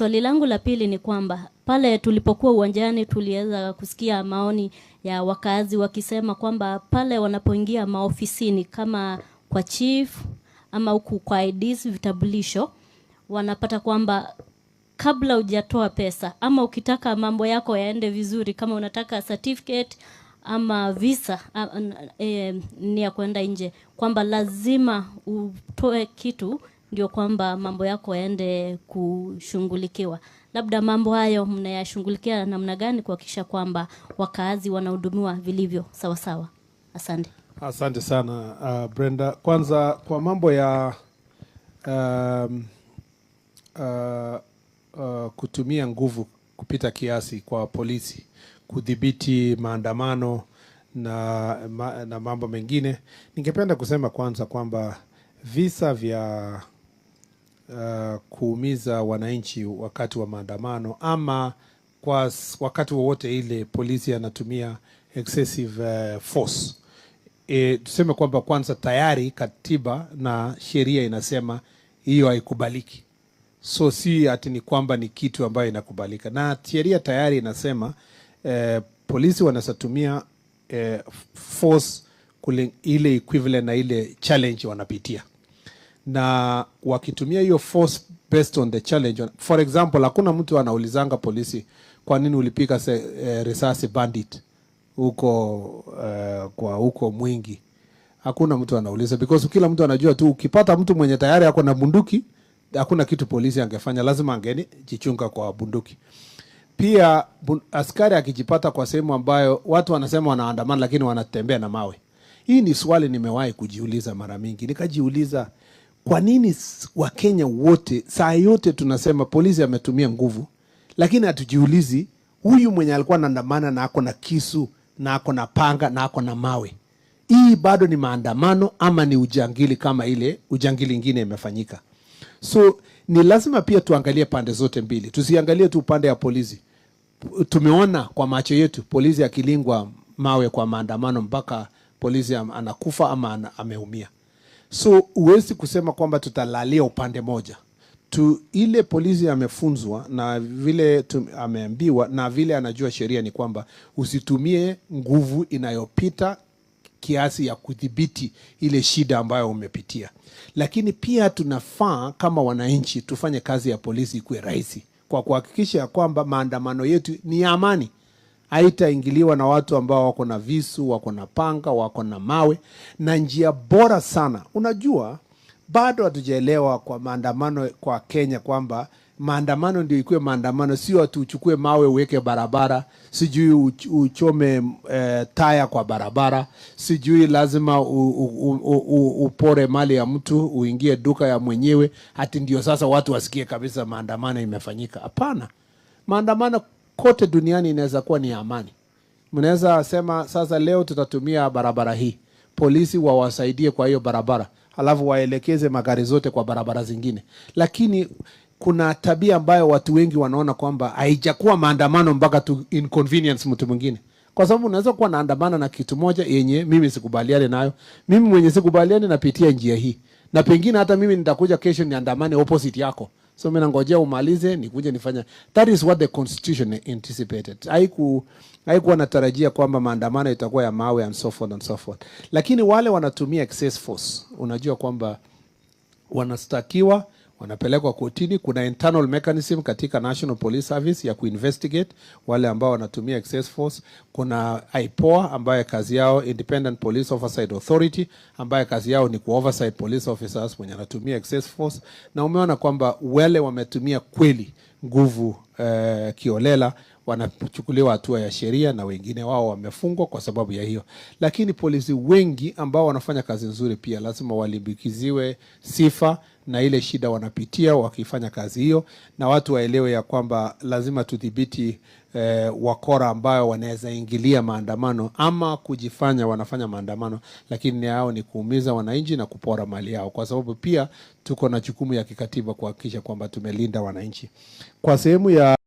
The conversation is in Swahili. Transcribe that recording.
swali langu la pili ni kwamba pale tulipokuwa uwanjani tuliweza kusikia maoni ya wakazi wakisema kwamba pale wanapoingia maofisini kama kwa chief ama huku kwa IDs vitambulisho, wanapata kwamba kabla hujatoa pesa ama ukitaka mambo yako yaende vizuri, kama unataka certificate ama visa a, a, e, ni ya kwenda nje, kwamba lazima utoe kitu ndio kwamba mambo yako yaende kushughulikiwa. Labda mambo hayo mnayashughulikia namna gani kuhakikisha kwamba wakaazi wanahudumiwa vilivyo sawasawa? Asante. Asante sana uh, Brenda. Kwanza kwa mambo ya um, uh, uh, kutumia nguvu kupita kiasi kwa polisi kudhibiti maandamano na, ma, na mambo mengine, ningependa kusema kwanza kwamba visa vya uh, kuumiza wananchi wakati wa maandamano ama kwa wakati wowote ile polisi anatumia excessive uh, force. E, tuseme kwamba kwanza tayari katiba na sheria inasema hiyo haikubaliki, so si ati ni kwamba ni kitu ambayo inakubalika na sheria tayari inasema eh, polisi wanasatumia eh, force kule ile equivalent na ile challenge wanapitia na wakitumia hiyo force based on the challenge. For example, hakuna mtu anaulizanga polisi kwa nini ulipiga eh, risasi bandit huko eh, kwa huko mwingi. Hakuna mtu anauliza because kila mtu anajua tu ukipata mtu mwenye tayari ako na bunduki, hakuna kitu polisi angefanya, lazima angeni jichunga kwa bunduki. Pia bun, askari akijipata kwa sehemu ambayo watu wanasema wanaandamana, lakini wanatembea na mawe. Hii ni swali nimewahi kujiuliza mara mingi, nikajiuliza kwa nini Wakenya wote saa yote tunasema polisi ametumia nguvu, lakini hatujiulizi huyu mwenye alikuwa anaandamana na ako na kisu na ako na panga na ako na mawe, hii bado ni maandamano ama ni ujangili kama ile ujangili ingine imefanyika? So ni lazima pia tuangalie pande zote mbili, tusiangalie tu upande ya polisi. Tumeona kwa macho yetu polisi akilingwa mawe kwa maandamano mpaka polisi anakufa ama ameumia. So huwezi kusema kwamba tutalalia upande moja tu. Ile polisi amefunzwa na vile ameambiwa na vile anajua sheria ni kwamba usitumie nguvu inayopita kiasi ya kudhibiti ile shida ambayo umepitia, lakini pia tunafaa kama wananchi tufanye kazi ya polisi ikuwe rahisi kwa kuhakikisha kwamba maandamano yetu ni ya amani haitaingiliwa na watu ambao wako na visu, wako na panga, wako na mawe, na njia bora sana. Unajua, bado hatujaelewa kwa maandamano kwa Kenya kwamba maandamano ndio ikuwe maandamano, sio watu uchukue mawe uweke barabara, sijui uchome e, taya kwa barabara, sijui lazima u, u, u, u, upore mali ya mtu uingie duka ya mwenyewe, hati ndio sasa watu wasikie kabisa maandamano imefanyika. Hapana, maandamano kote duniani inaweza kuwa ni amani. Mnaweza sema sasa, leo tutatumia barabara hii, polisi wawasaidie kwa hiyo barabara, alafu waelekeze magari zote kwa barabara zingine. Lakini kuna tabia ambayo watu wengi wanaona kwamba haijakuwa maandamano mpaka tu inconvenience mtu mwingine kwa sababu unaweza kuwa naandamana na kitu moja yenye mimi sikubaliane nayo, mimi mwenye sikubaliani napitia njia hii, na pengine hata mimi nitakuja kesho niandamane opposite yako, So mimi nangojea umalize nikuje nifanya. That is what the constitution anticipated. Haiku haikuwa natarajia kwamba maandamano itakuwa ya mawe and so forth and so forth. Lakini wale wanatumia excess force, unajua kwamba wanastakiwa wanapelekwa kotini. Kuna internal mechanism katika National Police Service ya kuinvestigate wale ambao wanatumia excess force. Kuna IPOA ambayo kazi yao Independent Police Oversight Authority ambayo kazi yao ni ku oversight police officers wenye anatumia excess force, na umeona kwamba wale wametumia kweli nguvu uh, kiolela wanachukuliwa hatua ya sheria na wengine wao wamefungwa kwa sababu ya hiyo. Lakini polisi wengi ambao wanafanya kazi nzuri pia lazima walimbikiziwe sifa na ile shida wanapitia wakifanya kazi hiyo, na watu waelewe ya kwamba lazima tudhibiti eh, wakora ambayo wanaweza ingilia maandamano ama kujifanya wanafanya maandamano, lakini yao ni kuumiza wananchi na kupora mali yao, kwa sababu pia tuko na jukumu ya kikatiba kuhakikisha kwamba tumelinda wananchi kwa sehemu ya